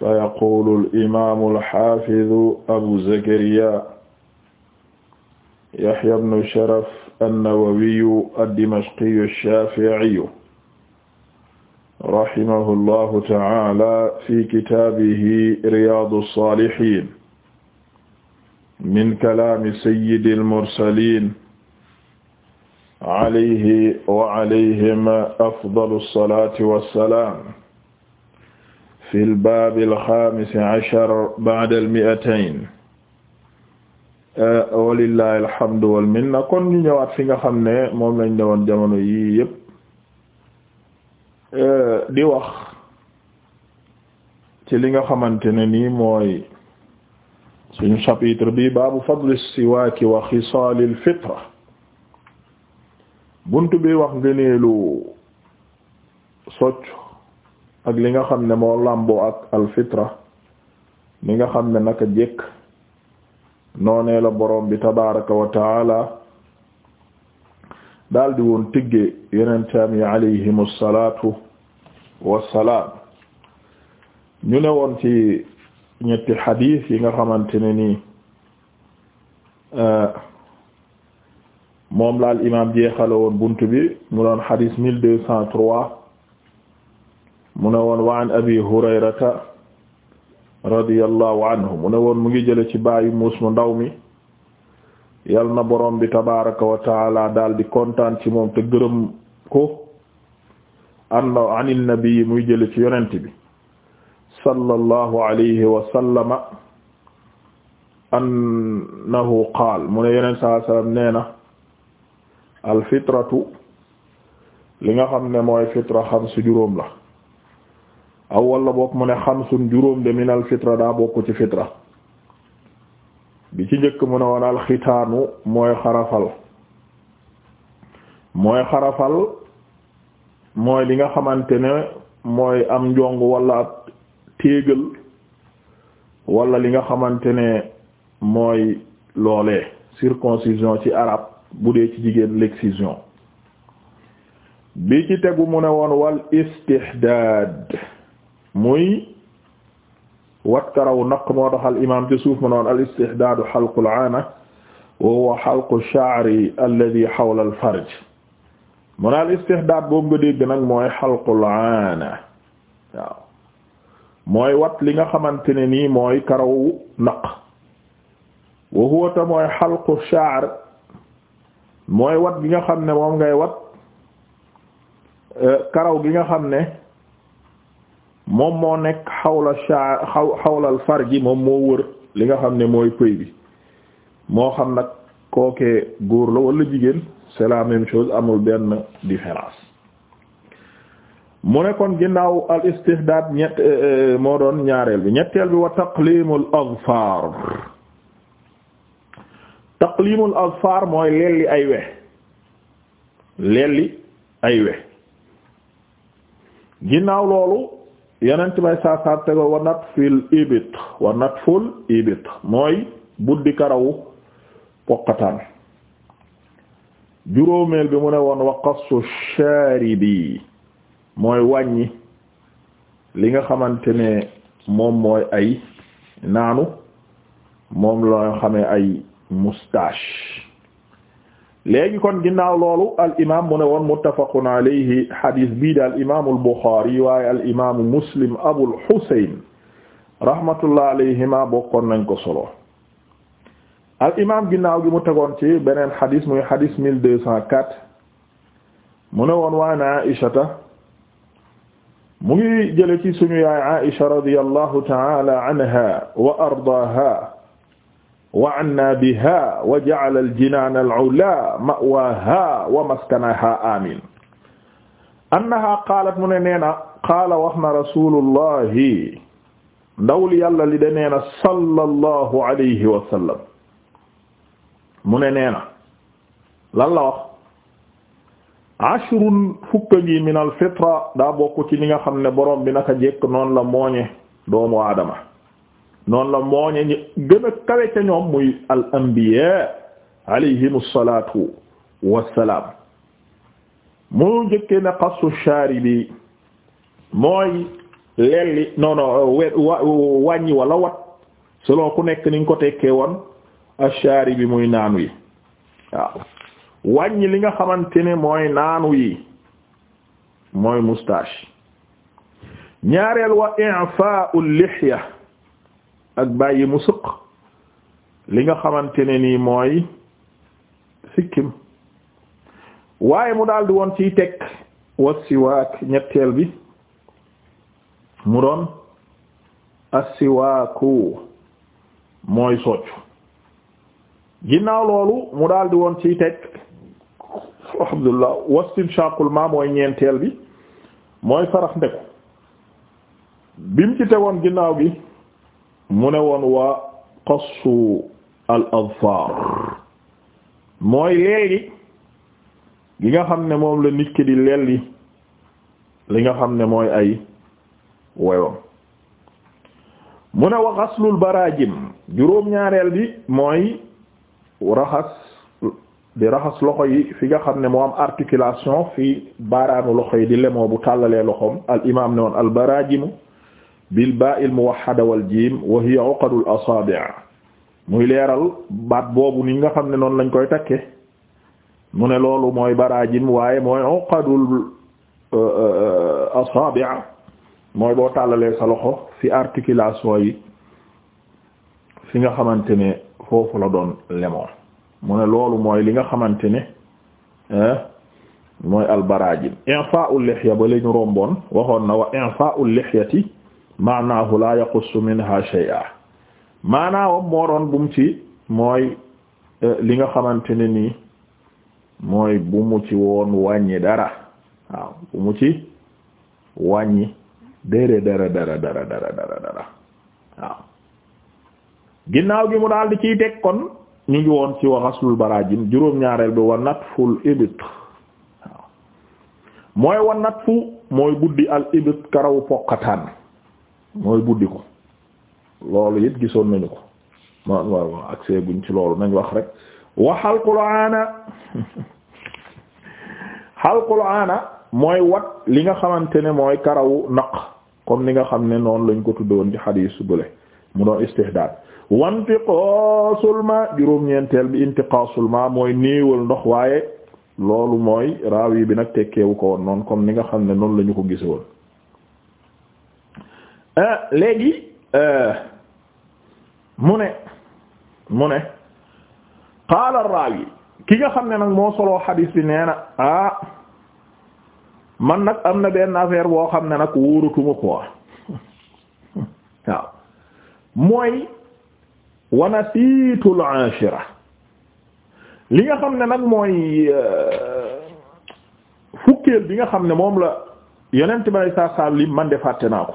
fa yaqulu al-imaamu al-xaafidu abu zakariya yaxya bnu sharaf an-nawawiyu ad-dimashqiyu ash-shaafi'iyu rahimahu llahu ta'aala fi kitaabihi riyaadu as-saalihiin min kalaami sayyidi al-mursaliin alayhi wa alayhim afdalu as-salaati was-salaam fi lbaabi alxaamisi ashar ba'da almi'atayn eh, walillahi alhamdu wal minna fi nga xam ne moom lañ newoon jamono yii yépp eh, di wax ci li nga xamante ne nii mooy suñu chapitre bi baabu fadli siwaaki wa xisaalil fitra bunt bi wax ngëneelu soccu ak li nga xam ne moo làmboo ak alfitra li nga xam ne naka jekk noonee la borom bi tabaraka wa taala daldi woon tëggee yenentaam yi alayhim alsalatu wassalaam ñu ne woon ci ñetti xadiis yi nga xamante ne nii euh, moom laal imaam jeexale woon bunt bi mu doon xadiis mille mu ne woon wa abi hurayrata radiyallahu anhu mu ne woon mu ngi jële ci baayu muus mu ndaw mi yal na borom bi tabaraka wa taala daal di kontaan ci moom te gërëm ko anna an nabi muy jële ci yonent bi sallallahu alayhi wa sallama annahu qaal mu ne yonent sallallahu alayhi wa sallam nee na alfitratu li nga xam ne mooy fitra xam su juróom la aw wala bokk mu ne xamsun juróom de min al fitra daa bokk ci fitra bi ci njëkk mu ne woon alxitaanu mooy xarafal mooy li nga xamante ne mooy am njong wala ab téegal wala li nga xamante ne mooy loolee circoncision ci arab bu dee ci jigéen l'excision bi ci tegu mu ne woon wal istihdaad muy wat karaw naq moo tax al imaam ci suuf ma noon al istihdaadu xalqu al aana wa huwa xalqu shaari alladi xawla al farj mu al istihdaad boobu nga dégg nag mooy xalqu al aana waaw mooy wat li nga xamante ne nii mooy karaw naq wa huwa ta mooy xalqu shaar mooy wat gi nga xam ne moom ngay wat eh, karaw gi nga xam ne moom moo nekk xawla sha xawlal farji moom moo wër li nga xam ne mooy pëy bi moo xam nag kookee góor la wala jigéen c'est la même chose amul benn différence mu ne kon ginnaaw al istihdaad ñett euh, euh, moo doon ñaareel bi ñetteel bi wa taqlimul azfar taqlimul azfar mooy lelli ay we lelli ay we ginnaaw loolu yenent may saasar tego wa nat fil ibit wa nat ful ibit mooy buddi karawu poqataan juróomeel bi mu ne woon wa qassu sharibi mooy wàññi li nga xamante ne moom mooy ay naanu moom la xamee ay moustache léegi kon ginnaaw loolu al imaam mu ne woon muttafaqun alayhi hadis bii de al imaamul Buxaari waaye al imaamu Muslim Abul Husayn rahmatullah alayhima bokkoon nañ ko solo al imaam ginnaaw gi mu tegoon ci beneen hadis muy hadis mill de cent quatre mu ne woon waan Aïshata mu ngi jële ci suñu yaay Aïsha radiyallahu ta'ala anha wa ardaaha wa anna biha wa ja'ala al-jinaan al-'ulaa ma'waahaa wa maskanahaa amiin annahaa qaalat mu ne nee na qaala wax na rasulullahi ndawul yàlla li de nee na sallallahu alayhi wa sallam mu ne nee na lan la wax ashrun fukka ngi min al fitra daa bokk ci li nga xam ne borom bi naka jekk noonu la mooñe doomu aadama noonu la mooñe ñi gën a kawe ca ñoom muy al anbiya alayhim salaatu wassalaam mu njëkkee na xasu shaaribi mooy lelli non non wàññi wala wat selon ku nekk niñ ko tekkee woon ash-shaaribi muy naan wi waaw wàññi li nga xamante ne mooy naan wi mooy moustache ñaareel wa i'faa'u lihya ak bàyyi mu sëq li nga xamante ne nii mooy sikkim waaye mu daldi woon ciy teg wassiwaak ñetteel bi mu doon assiwaaku mooy soccu ginnaaw loolu mu daldi woon ciy teg alhamdulillah wastinshaqul ma mooy ñeenteel bi mooy farax ndeku bim ci tegoon ginnaaw bi mu ne woon waa qassu al azfar mooy leel gi gi nga xam ne moom la nit ki di leel yi li nga xam ne mooy ay woyom mu ne wa xaslul barajim juróom-ñaareel bi mooy raxas di raxas loxo yi fi nga xam ne moo am articulation fi baaraanu loxo yi di lemoo bu tàllalee loxoom al imaam ne woon al barajimu bil baa'il muwahhada wal jiim wa hiya uqadul asaabi' muy leeral baat boobu ni nga xam ne noonu lañ koy takke mu ne loolu mooy baraajim waaye mooy uqadul euh, euh, asaabi' mooy boo tàllalee sa loxo fi articulation yi fi nga xamante ne foofu la doon lemoo mu ne loolu mooy li nga xamante ne mooy al baraajim i'faa'ul lihya ba lañu romboon waxoon na wa i'faa'ul lihyati maanaahu la yaqussu minha shay'a maanaawam moo doon bu mu ci mooy eh, li nga xamante ne nii mooy bu mu ci woon wàññi dara waaw bu mu ci wàññi dere dara dara dara dara waaw ginnaaw gi mu daal di ciy teg kon ñu ngi woon ci waxaslul barajim juróom-ñaareel bi wa natful ibit waaw mooy wa natfu mooy buddi al ibit karawu pokataan mooy buddi ko loolu it gisoon nañu ko ma waaw accès buñ ci loolu nañ wax rek wa xalqul aana xalqul mooy wat li nga xamante ne mooy karaw naq comme ni nga xam ne noonu lañ ko tuddoon ci xadiis bële mu doon istihdaad wa intiqaasul ma juróom-ñeenteel bi intiqaasul ma mooy néewal ndox waaye loolu mooy raawi bi nag tekkeewu ko woon noonu comme ni nga xam ne noonu la ñu ko woon Euh, léegi euh, mu ne mu ne qaala raawi ki nga xam ne nag moo soloo xadiis bi nee na ah man nag am na benn affaire boo xam ne nag wóoratuma quoi waaw mooy wanasiitul ashira li nga xam ne nag mooy euh, fukkeel bi nga xam ne moom la yonent bi saa saa lim man de fàtte naa ko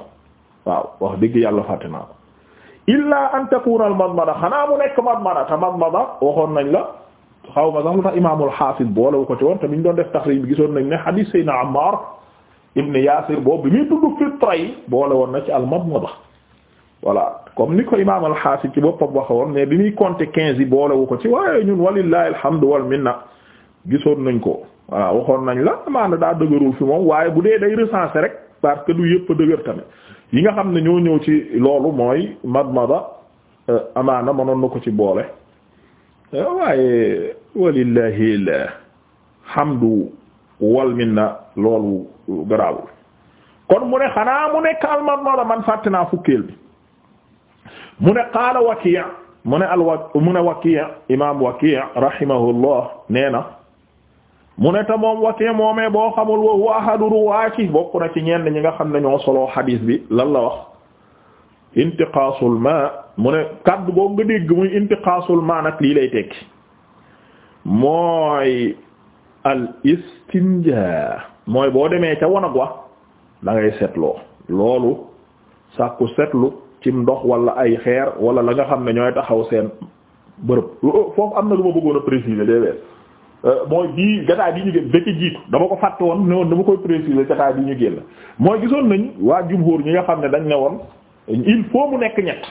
waaw wax dëgg yàlla fàtte naa ko illa an takuna al madmada xanaa mu nekk madmada te madmada waxoon nañ la xaw ma sax lu tax imaamul xaafis boolewu ko ci woon te biñ doon def taxriij bi gisoon nañ ne xadiis Seydina Ammaar ibn Yaasir boobu bi muy tudd fitra yi boole woon na ci al madmada voilà comme ni ko imaamul xaafis ci boppam waxe woon mais bi muy compter quinze yi boolewu ko ci waaye ñun walillahi alhamdu wal minna gisoon nañ ko voilà waxoon nañ la maanaam daa dëgërul fi moom waaye bu dee day recenser rek parce que du yëpp dëgër tamit yi nga xam ne ñoo ñëw ci loolu mooy madmada euh, amaana mënoon na ko ci boole euh, waaye walillahi alhamdu wal minna loolu euh, garaawul kon mu ne xanaa mu nekk al madmada man fàtte naa fukkeel bi mu ne qaala waki' mu ne al waki' imaam waki' rahimahullah nee na mu ne te moom wakee moomee boo xamul wa huwa ahadu ruwaati bokk na ci ñenn ñi nga xam ne ñoo soloo xadiis bi lan la wax intiqaasul ma mu ne kaddu boobu nga dégg muy intiqaasul ma nag lii lay tekki mooy al istinja mooy boo demee ca wanag wa da ngay seetloo loolu sàkku seetlu cim ndox wala ay xeer wala la nga xam ne ñooy taxaw seen bërëb foofu am na lu ma bëggoon a préciser dee Euh, mooy bii gataa bi ñu génn da dama ko fàtte woon ne woon dama koy préciser gataa bi ñu génn mooy gisoon nañ waa jumhur ñi nga xam ne dañ ne woon il faut mu nekk ñett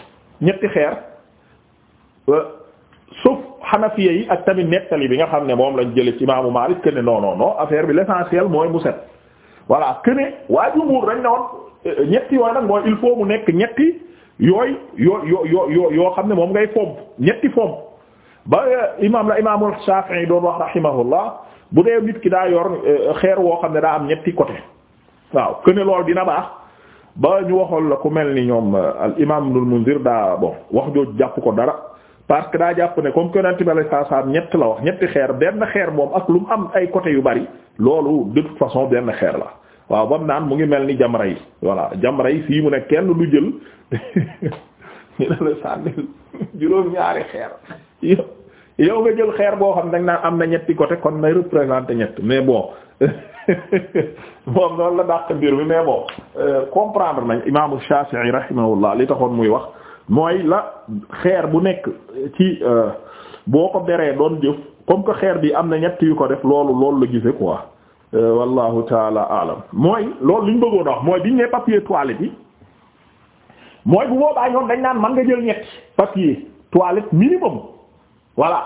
ñetti xeer euh, sauf xanafiya ak tamit nettali bi nga xam ne moom lañ jële ci imaamu Maalik que ne affaire bi l'essentiel mooy mu set voilà que ne euh, ñetti yooyu mu nekk ñetti yooyu yoo yoo yoo yoo xam ne moom ngay fomp ñetti fomp ba eh, imaam la imaamul Shaafi'i doon wax rahimahullah bu dee nit ki daa yor eh, xeer woo xam ne daa am ñetti coté waaw que ne dina baax ba ñu waxoon la ku mel ni ñoom eh, al imaam Ibnul Munzir daa bon wax jooju jàpp ko dara parce que daa jàpp ne comme que Yonent bi sallallahu ñett la wax ñetti xeer benn xeer moom ak lu mu am ay côté yu bari loolu de toute façon benn xeer la. waaw bam naan mu ngi mel ni jamra yi voilà jamra yi fii mu ne kenn du jël juróom-ñaari xeer. yow nga jël xeer boo xam dañ naan am na ñetti côté kon nay représenter ñett mais bon moom noonu la dàq mbir bi mais bon euh, comprendre nañ imaamu Shafi'i rahimahullah li taxoon muy wax mooy la xeer bu nekk ci euh, boo ko beree doon jëf comme que xeer bi am na ñetti yu ko def loolu lool la gise quoi euh, wallahu taala alam mooy loolu li ñu bëggoon wax mooy biñ ne papier toilette yi mooy bu boobaa ñoom dañ naan mën nga jël ñetti papier toilette minimum voilà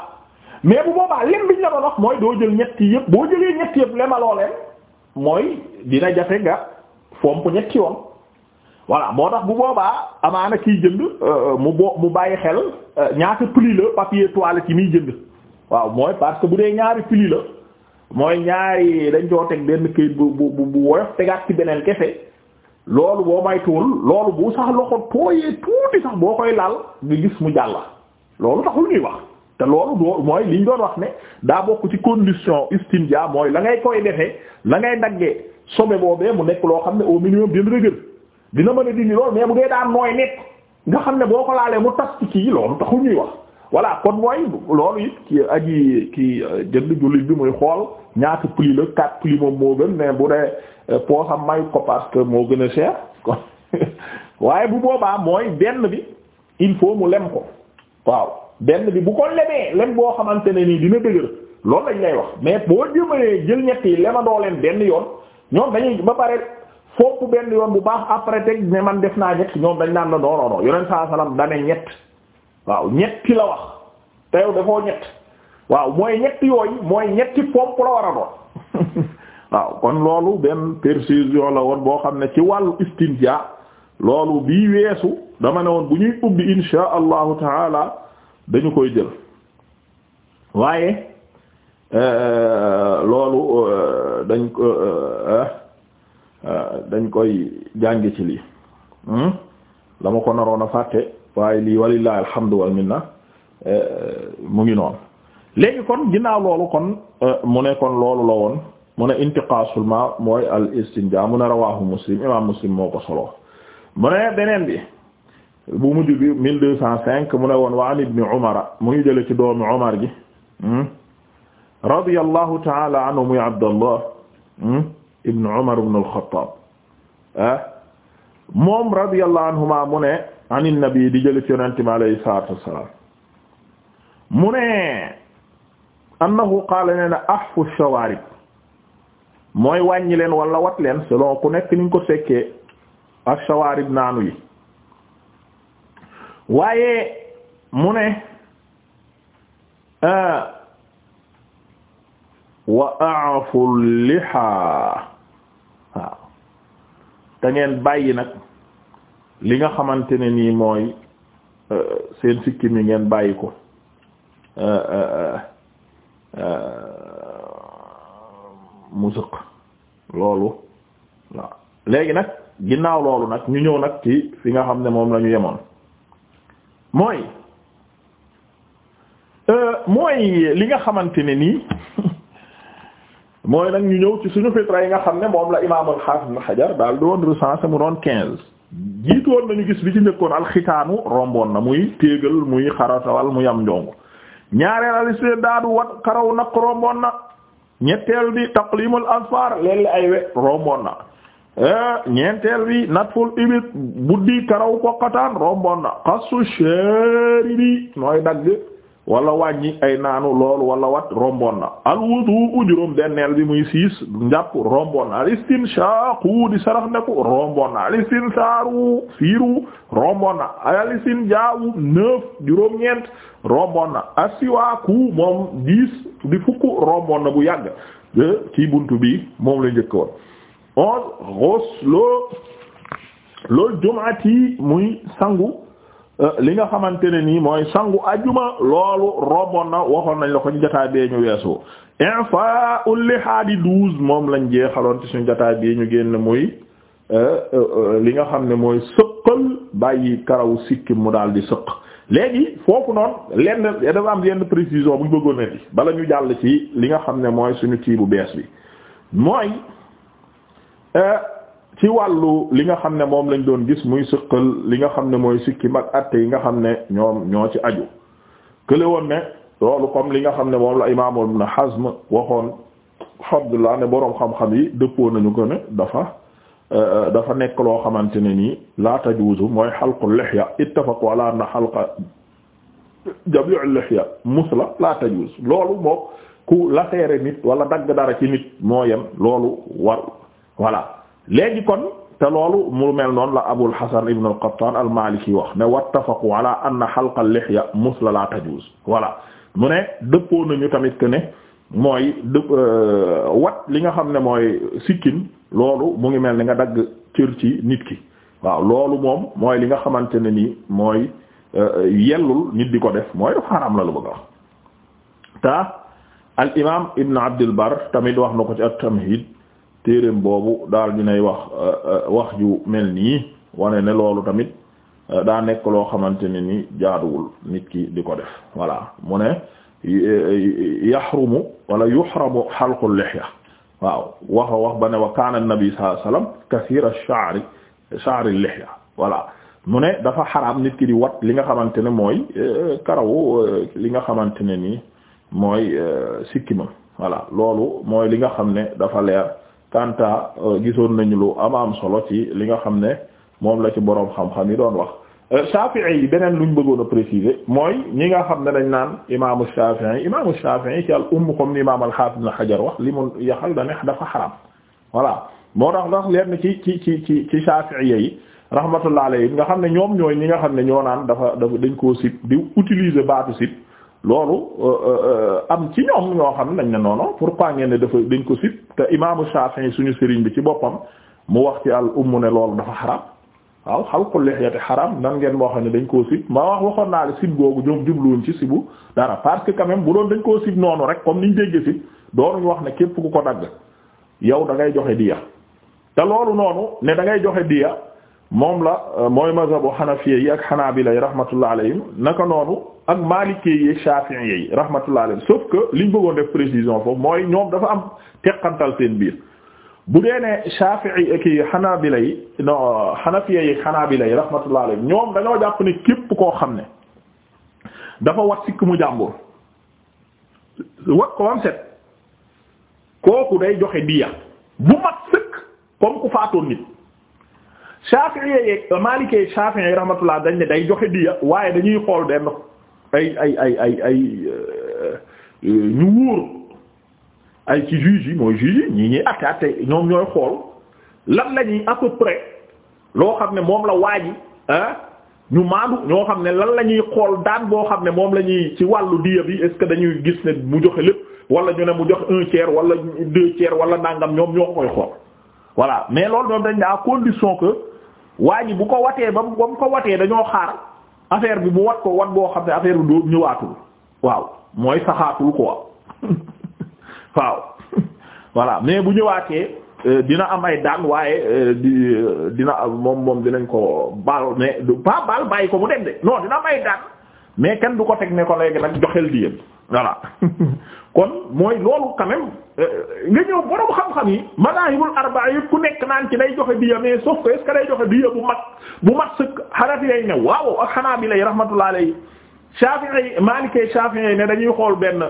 mais bu boobaa lem biñ la doon wax mooy doo jël ñetti yëpp boo jëlee ñetti yëpp lemaloo mooy dina jafe nga fomp ñetti yoon voilà moo tax bu boobaa amaana kiy jënd euh, mu bo mu bàyyi xel euh, ñaata pli la papier toilette yi muy jënd waaw mooy parce que bu dee ñaari pli la mooy ñaari dañ coo teg benn këyit bu bu bu woyof tegaat ci beneen kese loolu boo maytuwul loolu bu sax loxo tooyee tuuti sax boo koy laal nga gis mu jàlla loolu taxul ñuy wax te loolu doo mooy liñ doon wax ne daa bokk ci condition istinja mooy la ngay koy defee la ngay daggee sobe boobee mu nekk loo xam ne au minimum dina rëgër dina mën a dindi loolu mais bu dee daan mooy nekk nga xam ne boo ko laalee mu tas ci kii loolu u ñuy wax voilà kon mooy loolu it ki aji ki jënd jullit bi muy xool ñaata pli la quatre pli moom moo gën mais bu dee euh, poosam mayu ko parce que moo gën a cher kon waaye bu boobaa mooy benn bi il faut mu lem ko benn bi bu ko lebee lem boo xamante ne nii dina dëgër lool dañ lay wax mais boo jëmalee jël ñett yi lemadoo leen benn yoon ñoom dañuy ba pare fokk benn yoon bu baax après teg ne man def naa ñett ñoom dañ naan la non non non yonent saa salaam da ne ñett waaw ñetti la wax te yow dafoo ñett waaw mooy ñetti yooyu mooy ñetti pomp la war a doon waaw kon loolu benn précision la woon boo xam ne ci wàllu istinja loolu bii weesu dama ne woon bu ñuy ubbi insha allahu taala. dañu koy jël waaye euh, euh, loolu euh, dañ ko dañ koy jàngi ci lii hmm? la ko naroon a fàtte waaye lii walillahi alhamdu wal minna mu ngi noonu léegi kon ginnaaw loolu kon mu ne kon loolu la woon mu ne intiqaasul ma mooy al istinja mu ne rawahu muslim imam muslim moo ko solo mu ne beneen bi bu mujj bi mille deux cent cinq mu ne woon wa an ibni umara mu ngi jële ci doomi umar ji hmm? radiyallahu taala anhu muy abdallah hmm? ibnu umar ibnu al-xattaab ah eh? moom radiyallahu anhuma mu ne an nabi di jële ci yonente mi alayhi salaatu wassalaam mu ne annahu qaala nee na ahfu shawarib mooy wàññi leen wala wat leen selon ku nekk ni nga ko sekkee ak shawarib naanu yi waaye mu ne ah, wa a'fu liha waaw te ngeen bàyyi nag li nga xamante ne nii mooy eh, seen sikkim yi ngeen bàyyi ko eh, eh, mu loolu waaw léegi nag ginnaaw loolu nag ñu ñëw nag ci fi nga xam ne moom la ñu yemoon mooy euh, mooy li nga xamante ne nii mooy nag ñu ñëw ci suñu fitra yi nga xam ne moom la imaam al-Hafiz Ibn daal doon recensé mu doon quinze jiitoon nañu gis bi ci njëkkoon alxitaanu romboon na muy téegal muy xaratawal muy am njong ñaareel alistidaadu wat karaw nag romboon na ñetteel bi taqlimul asfar léeg ay we romboon na Eh, ñeenteel bi natful ibit buddi karaw koqataan rombon na xasu sheri bi nooy dagg wala wàññi ay naanu loolu wala wat rombon na al wudu juróom benneel bi muy siis njàpp rombon na al istinshaqu di sarax ndeku rombon na al istinsaru fiiru rombon na al istinjaawu neuf juróom ñeent rombon na asiwaku moom dix di fukk rombon na bu yàgg eh, ci buntu bi moom la njëkk woon onze ghuslu loolu jumaati muy sangu euh, li nga xamante ne nii mooy sangu ajuma loolu roboon na waxoon nañ la ko ñu jotaay bee ñu weesu infa ulli haadi douze moom lañ jeexaloon ci suñu jotaay bii ñu génn muy euh, euh, li nga xam ne mooy sëqal bàyyi karaw sikki mu daal di sëq léegi foofu noonu lenn dafa am yenn précision bu ñu bëggoon a di bala ñu jàll ci li nga xam ne mooy suñu kii bu bees bi mooy Eh, ci wàllu li nga xam ne moom lañ doon gis muy sëqal li nga xam ne mooy sikki mag atte yi nga xam ne ñoom ñoo ci aju kële woon ne loolu comme li nga xam ne moom la imaam na Hazm waxoon alhamdulilah ne boroom xam yi dëppoo nañu ko ne dafa eh, dafa nekk loo xamante ne nii la tajuuzu mooy xalqul lihya ittafaqu ala anna xalqa jabi'ul lihya musla la tajuuz loolu moo ku la teere nit wala dagg dara ci nit moo yem loolu war voilà léegi kon te loolu mu mel noonu la Abul Hasan ibn al-Qattan al-Maliki wax ne wattafaqu ala anna halqa al-lihya musla la tajuz voilà mu ne dëppoo nañu tamit que ne mooy dëpp euh, wat li nga xam ne mooy sikkin loolu mu ngi mel ni nga dagg cër ci nit ki waaw loolu moom mooy li nga xamante ne nii mooy euh, yellul nit di ko def mooy dafa xaram la lu bëgg a wax te al Ibn Abdul tamit wax na ko ci at téereem boobu daal dinay wax euh, euh, wax ju mel nii wane ne loolu tamit euh, daa nekk loo xamante ne ni jaaduwul nit ki di ko def voilà mu ne yaxrumu wala yuxramu xalqul lihya waaw wax wax ba ne wa kaana nabi sallallahu alayhi wasallam kasiir ash-sha'r sha'r al-lihya voilà mu ne dafa xaraam nit ki di wat li nga xamante ne mooy karaw li nga xamante ne nii mooy sikkimam voilà loolu mooy li nga xam ne dafa leer kanta euh, gisoon nañu lu am am solo ci li nga xam ne moom la ci boroom xam-xam yi doon wax euh, Shafi'i yi beneen luñ bëggoon a préciser mooy ñi nga xam ne dañ naan imaamu Shafi'i imaamu Shafi'i ci al umm comme ni imaam al-Hafiz Ibn Hajar wax li mu yaxal da ne dafa xaram voilà moo tax ndax leen ci ci ci ci ci Shafi'i yi rahmatullah alayhi nga xam ne ñoom ñooy ñi nga xam ne ñoo naan dafa dafa dañ koo sib di utiliser baatu sib loolu euh, euh, euh, am ci ñoom ñoo xam ne dañ ne noonu pour pourquoi ngeen ne dafa dañ ko sib te imaamu Shafi'i suñu sëriñ bi ci boppam mu wax ci al umm ne loolu dafa xaram waaw xalqu lihyati xaram nan ngeen moo xam ne dañ koo sib ma wax waxoon naa la sib googu ñoom jubluwuñ ci sibu dara parce que quand bu doon dañ koo sib noonu rek comme niñ dégg sib doonuñ wax ne képp ku ko dagg yow da ngay joxe diya te loolu noonu ne da ngay joxe diya moom la euh, mooy mazhabu xanafiya yi ak xanaabila yi rahmatullah alayhim naka noonu ak maalikee yi shafi'i yi rahmatullah alayhim sauf que liñ bëggoon def précision foofu mooy ñoom dafa am teqantal seen biir bu dee ne shafi'i ak xanaabila yi non xanafiya euh, yi xanaabila yi rahmatullah alayhim ñoom dañoo jàpp ne képp koo xam ne dafa wat sikk mu jàmbur wat ko am set kooku day joxe diya bu mat sëkk comme ku faatoon nit Shafi'i yeeg euh, Maliki Shafi'i rahmatullah dañ ne day joxe diya waaye dañuy xool benn ay ay ay ay ay euh, euh, ñu wóor ay ci juge yi mooy juge yi ñii ñuy atte atte ñoom ñooy xool lan la ñuy à près loo xam ne moom la waaji ah ñu maandu ñoo xam ne lan la ñuy xool daan boo xam ne moom la ñuy ci wàllu diya bi est dañuy gis ne mu joxe lépp wala ñu ne mu joxe un tiers wala deux tiers wala nangam ñoom ñoo koy xool voilà mais loolu ñoom dañ ne à condition que. waa ji bu ko watee ba mu ba ko watee dañoo xaar affaire bi mu wat ko wat boo xam ne affaire bi ñëwaatul waaw mooy saxaatul quoi waaw voilà mais bu ñëwaatee euh, dina am ay daan waaye euh, di euh, dina moom moom dinañ ko baal mais pas baal bàyyi ko mu dem de non dina am ay daan mais kenn du ko teg ne ko léegi nag joxel di yéen kon mooy loolu quand même euh, nga ñëw borom xam-xam yi madaahibul arba'a yëpp ku nekk naan ci day joxe diya mais sauf que est-ce que day joxe diya bu mag bu mag sëkk Hanafi lay ne waaw ak Hanaabila yi rahmatullah alayhi Shafi'i Maliki Shafi'i ne dañuy xool benn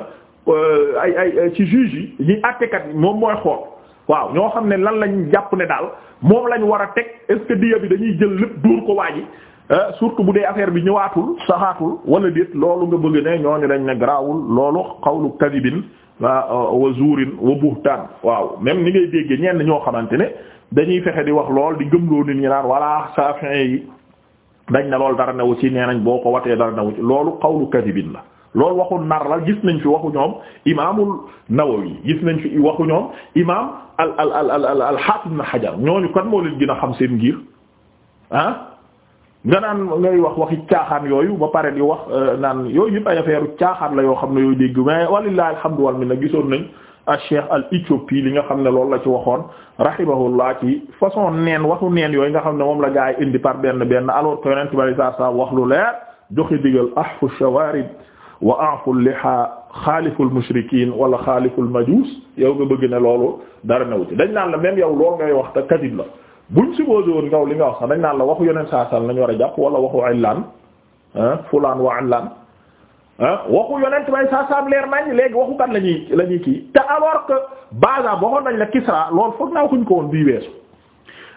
euh, ay ay euh, ci juge yi ñi àttekat yi moom mooy xool waaw ñoo xam ne lan lañ jàpp ne daal moom lañ war a teg est-ce bi dañuy jël lépp duur ko waaji Eh, surtout bu dee affaire bi ñëwaatul saxaatul wala déet loolu nga bëgg ne ñooñu dañ ne garaawul loolu xawlu kadibin eh, wa zuurin wa buhtaan waaw même ni ngay déggee ñenn ñoo xamante ne dañuy fexe di wax lool di gëmloo nit ñi naan walla Shafi'i yi dañ ne loolu dara newu ci nee nañ boo ko watee dara newu ci loolu xawlu kadibin la. loolu waxu nar la gis nañ fi waxu ñoom imaamul Nawawi gis nañ fi waxu ñoom imaam al al al al al al Hafiz Ibn Hajar ñooñu kan moo gën a xam seen ngir ah? nga naan ngay wax waxi caaxaan yooyu ba pare di wax euh, naan yooyu yëpp ay affaire caaxaan la yoo xam ne yooyu dégg mais walillahi alhamdu wal minna gisoon nañ a cheikh al éthiopie li nga xam ne loolu la ci waxoon rahimahullah ci façon neen waxu neen yooyu nga xam ne moom la gaa indi par benn benn alors que yonent bari saa saa wax lu leer joxe digal ahfu shawarib wa a'fu liha xaaliful mushrikiin wala xaaliful majuus yow nga bëgg ne loolu dara newu dañ naan la même yow loolu ngay wax te kadib la buñ supposé woon ngaw li nga wax sax dañ naan la waxu yeneen saa sal nañ war a jàpp wala waxu illaan fulaan wa illaan waxu yonent bay saasaam leer nañ léegi waxu kan la ñuy la ñuy kii te alors que basa waxoon nañ la Kisra loolu foog naa kuñ ko woon bii weesu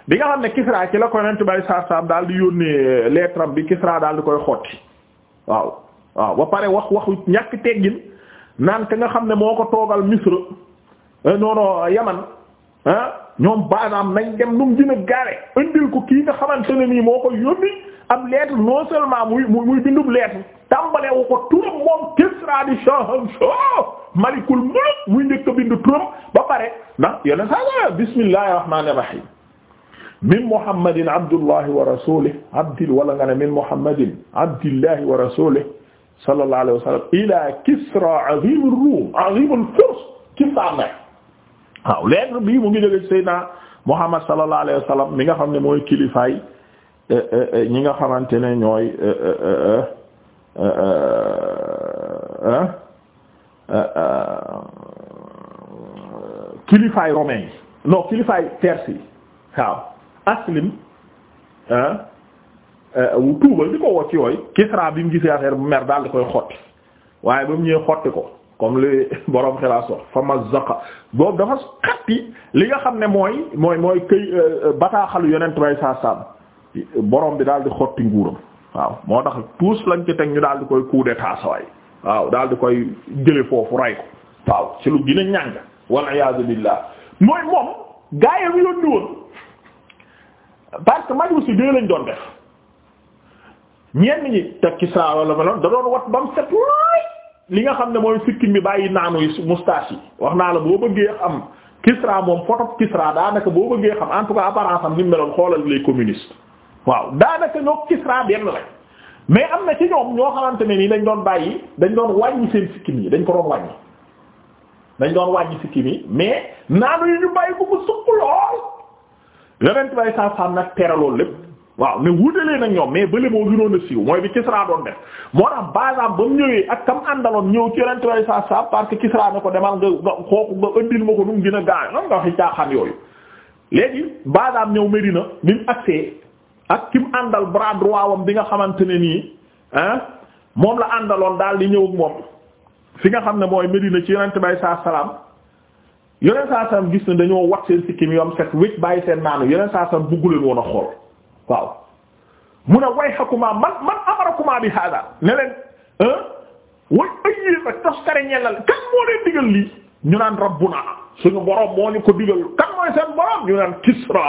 bi nga xam ne Kisra ci la ko yonent bay saasaam daal di yónnee lettre am bi Kisra daal di koy xotti waaw waaw ba pare wax waxu ñàkk teggin naan ka nga xam ne moo ko toogal Misra eh, non non Yaman ah ñoom baanaam nañ dem nu mu gën a gaare indil ko kii nga xamante ne nii moo ko yónni am lettre non seulement muy muy bindub lettre tàmbale wu ko moom Kisra di Shahanshah Malikul Mulk muy njëkk a ba pare ndax yeneen saa yoo xam bismillahir rahmanir rahim min muhammadin abdullahi wa rasulih abdil wala nga ne min muhammadin abdillahi wa rasulih sallallahu alayhi wa sallam ila Kisra azimur rum waaw lettre bii mu ngi jóge ci Seydina Muhammad sallallahu alayhi wa nga xam ne mooy kilifaay eh, eh, eh, ñi nga xamante ne ñooy kilifaay romain yi non kilifaay perse yi waaw aslim ah, tuubal di ko wocc yooyu Kisra bi mu gisee affaire bu mer daal di koy xotti waaye ba mu ñëwee xotti ko comme li borom xilaas wax fa mazzaqa boobu dafa xatti li nga xam ne mooy mooy mooy këy euh, euh, bataaxalu yonent bay saa saam borom bi daal di xotti nguuram waaw moo tax tous lañ ci teg ñu daal di koy coup d'état waaw daal di koy jële foofu ray ko waaw ci lu gën a ñàng wal iyaazu billaah mooy moom gaayam yoon ni woon parce que majusi dee lañ doon def ñenn ñi teg ci saa meloon da doon wat bam set li nga xam ne mooy sikkim bi bàyyi naanu yi moustache yi wax naa la boo bëggee am Kisra moom photo Kisra daanaka boo bëggee xam en tout cas apparence am ni mu meloon xoolal les communistes waaw daanaka ñoo Kisra benn lañ mais am na ci ñoom ñoo xamante ne nii dañ doon bàyyi dañ doon wàññi seen sikkim yi dañ ko doon wàññi dañ doon wàññi sikkim yi mais naanu yi ñu bàyyi ko mu suq lool yonent bay sa sam nag tere loolu lépp waaw ne wuutelee nag ñoom mais bële moo gënoon a siiw mooy bi Kisra doon def moo tax basaam ba mu ñëwee ak kam àndaloon ñëw ci yonent way sa sa parce que Kisra ne ko demal nga nga xooku nga ëndil ma ko nu mu gën a gaaw noonu nga waxi caaxaan yooyu léegi basaam ñëw Medina bi mu agsee ak ki mu àndal bras droit wam bi nga xamante ne nii ah moom la àndaloon daal di ñëw ak moom fi nga xam ne mooy Medina ci yonent bay sa salaam yonent saa salaam gis na dañoo wat seen sikkim bàyyi seen naanu yonent saa salaam bugguleen waaw mu ne wayxakuma man man amarakuma bi hada ne leen way ayéeg ak toskare ñellal kan moo leen digal lii ñu naan rabbuna suñu borom moo ñu ko digal kan mooy seen borom ñu naan kisra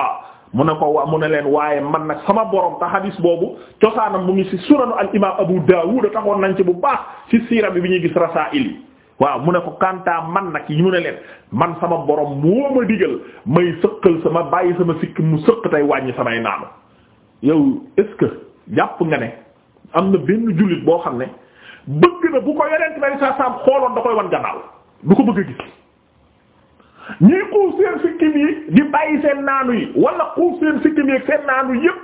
mu ne ko wa mu ne leen waaye man nag sama borom ta hadis boobu cosaanam mu ngi ci sunanu al imam abu dawud taxoon nañ ci bu baax ci siira bi bi ñuy gis rasaa'il yi waaw mu ne ko kantaa man nag yi mu ne leen man sama borom moo ma digal may sëqal sama bàyyi sama sikki mu sëq tey wàññi samay naanu yow est jàpp nga ne am na benn jullit boo xam ne bëgg na bu ko yonent bari saa saam xooloon da koy wan gannaaw du ko bëgg a gis ñii xuuf seen sikkim yi di bàyyi seen naanu yi wala xuuf seen sikkim yi ak seen naanu yépp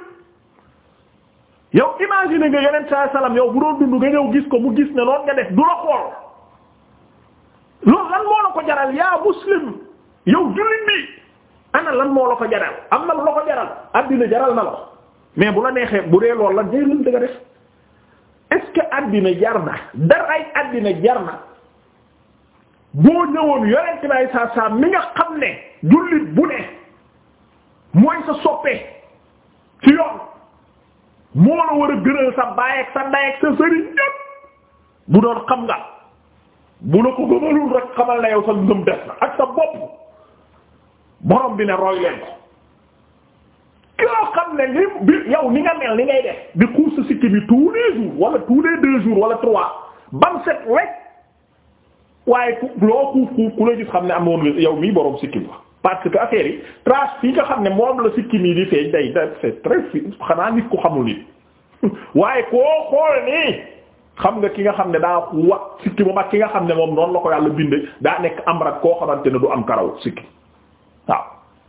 yow imagine nga yonent saa salaam yow bu doon dund nga ñëw gis ko mu gis ne noonu nga def du la xool loolu lan moo la ko jaral yaa muslim yow jullit bi ana lan moo la ko jaral am na lu la ko jaral addina jaral na la mais bu la neexee bu dee loolu la day lënt nga def est-ce àddina jar na daray àddina jar na boo ñëwoon yorente bay saa saa mi nga xam ne jullit bu ne mooy sa soppe ci yoon moo la war a gënal sa baay ak sa ndey ak sa sëriñ ñépp bu doon xam nga bu la ko gëmalul rek xamal na yow sa ngëm des na ak sa bopp borom bi roy leen yoo xam ne li bi yow ni nga mel ni ngay def di xuus sa sikki bi tous les jours wala tous les deux jours wala trois bam set rek waaye ku loo xuuf xuuf ku la gis xam ne am woon yow mii boroom sikki bi parce que affaire yi trace yi nga xam ne moom la sikki mii di feeñ day da c'est très xanaa nit ko xamul nit waaye koo xool nii xam nga ki nga xam ne daa wax sikki moom ak ki nga xam ne moom noonu la ko yàlla binde daa nekk am rak koo xamante ne du am karaw sikki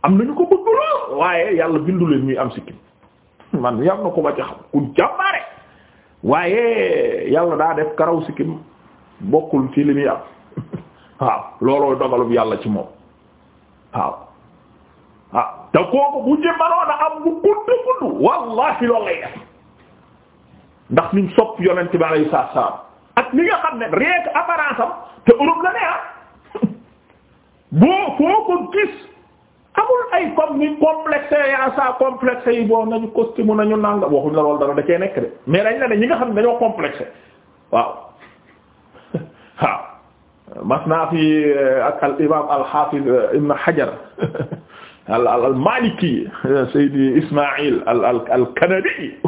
am nañu ko bëgg lool waaye yàlla bindu leen ñuy am sikkim man yàlla na ko ba xam ku jàmbaare waaye yàlla daa def karaw sikkim bokkul ci li am waaw looloo dogalub yàlla ci moom waaw waaw ah, te kooku bu jëmmanoon a am bu gudd gudd wallahi loolu lay def ndax niñ sopp yonent xam ne rien que te Europe la ne ah boo foo ko gis amul ay comme ni complexe yaa complexe yi boo nañu costume nañu nanga waxuñ la loolu dara da cee nekk de mais dañ la ñi nga xam ne dañoo complexe waaw naa fi euh, ak al imam al hafiz euh, ibn hajar al al maliki euh, sayyidi ismail al al al kanadi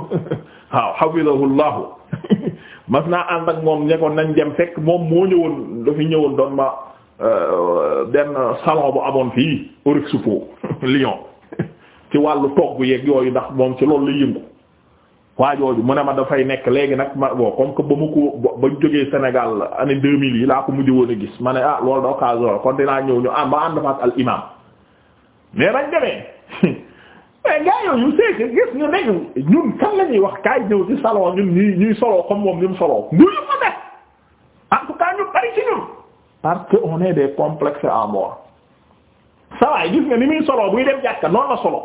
allah mas naa ànd ak moom ne ko nañ dem fekk moom moo ñëwoon dafi doon ma benn salon bu amoon fii Orexpo Lyon ci wàllu togg yeeg yooyu ndax moom ci loolu la yëngu waa jooju mu ne ma dafay nekk léegi nag ma bon comme que ba mu ko ba jógee Sénégal année 2000 yi laa ko mujj woon a gis ma ne ah loolu da occasion kon dinaa ñëw ñu ànd ba ànd fa ak al imam mais bañ demee mais gars yooyu c'est que gis ñu nekk ñun kan la ñuy wax kaay ñëw ci salon ñun ñuy ñuy soloo comme moom ni mu soloo. nduyu ko def en tout cas ñu bari ci ñun. parce que on est des complexes à ni muy solo buy dem jàkka noonu la solo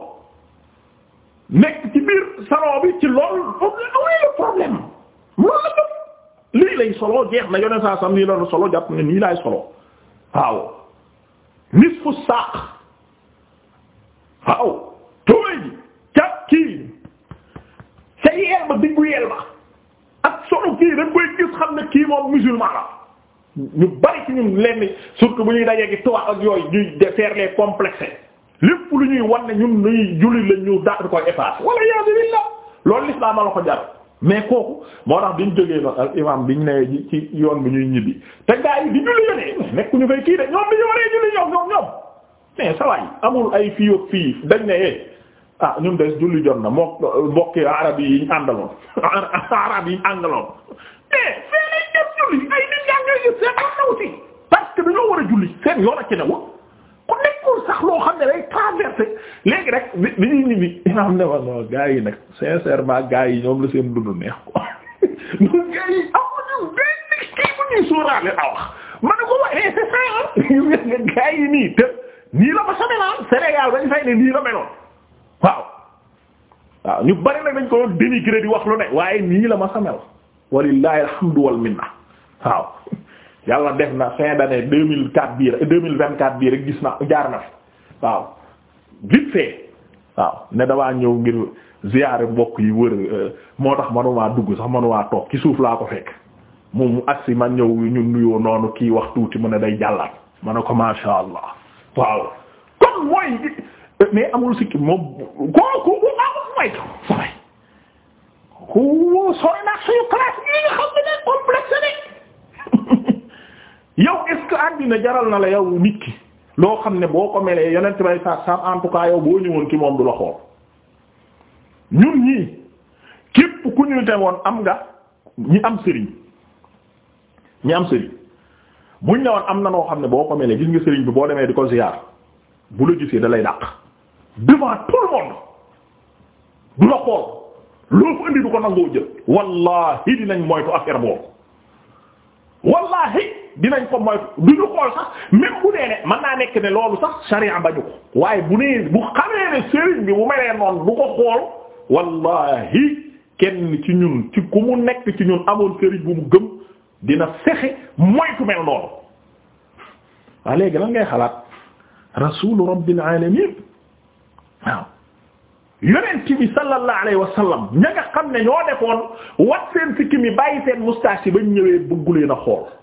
nekk ci biir salon bi ci loolu awee le problème loolu la jot lii lay solo jeex na yoneen saa sam nii la solo jàpp ne nii laay solo waaw nisfu saaq waaw tubay ji cap kii sa yeel ba diggu yeel ak solo kii dañ koy gis xam ne kii moom ñu bari ci ñun lenn surtout bu ñuy dajee gi tubaab ak yooyu ñuy faire les complexés lépp lu ñuy wan ne ñun ñuy julli la ñu daal di koy effacer wala yaa billah loolu l'islam la ko jar mais kooku moo tax biñ jógee noonu al imam biñ ne ci yoon bi ñuy ñibbi te gaa yi di julli yone nekk ñu fay kii de ñoom bi ñu waree julli ñoom ñoom ñoom sawaay amul ay fii ak fii dañ ne eh ah ñun des julli jot na moo mbokki arab yi ñu àndaloon arab yi ñu àndaloon mais fee yi seen annaw si parce que dañoo war a julli seen yoon a ci newul ku nekkul sax loo xam ne day traversé léegi rek bi ñuy ñi bi imaam ne wano gars yi nag sincèrement gars yi ñoom la seen dund neex ko ñun gars yi a wax ma ne ko waxee eh c'est nii te nii la ma samelaan Sénégal bañ fay ne nii la meloon waaw waaw ñu bari nag dañ ko doon dénigré di wax lu ne waaye nii la ma samel walillahi alhamdu wal waaw yàlla def na fin d'année deux mille quatre bii deux mille vingt quatre bii rek gis na jaar na fi waaw vite fait waaw ne damaa ñëw ngir ziyaare mbokk yi wër euh, moo tax manumaa dugg sax manumaa toog ci suuf laa ko fekk mu agsi ma ñëw ñu nuyoo noonu kii wax tuuti mu ne day jàllaat ma ko masha allah waaw kon mooy mais amul sikki moom koo ku amul moytu waaye ku sori naa suñu classe yi nga xam ne complexe ne yow est-ce jaral na la yow nit ki loo xam ne boo ko melee yonent bay saat saam en tout yow boo ñëwoon ci moom du la xool ñun ñii képp ku ñu te woon am nga ñi am sëriñ ñi am sëriñ buñ ne woon am na noo xam ne boo ko melee gis nga sëriñ bi boo demee di ko ziyaar bu la gisee da lay dàq devant tout le monde du la xool loo fa indi du ko nangoo jël wallahi dinañ moytu affaire boobu wallahi dinañ ko moytu du ñu xool sax même nee ne mën naa nekk ne loolu sax sharia bañu ko waaye bu nee bu xamee ne sëriñ bi bu melee noonu bu ko xool wallahi kenn ci ñun ci ku mu nekk ci ñun amoon sëriñ bu mu gëm dina fexe moytu mel noonu waa léegi lan ngay xalaat rasulu rabbil alamin waaw yonent bi sallallahu alayhi wa sallam ña nga xam ne ñoo defoon wat seen sikkim yi bàyyi seen moustache yi bañ ñëwee bëgguleen a xool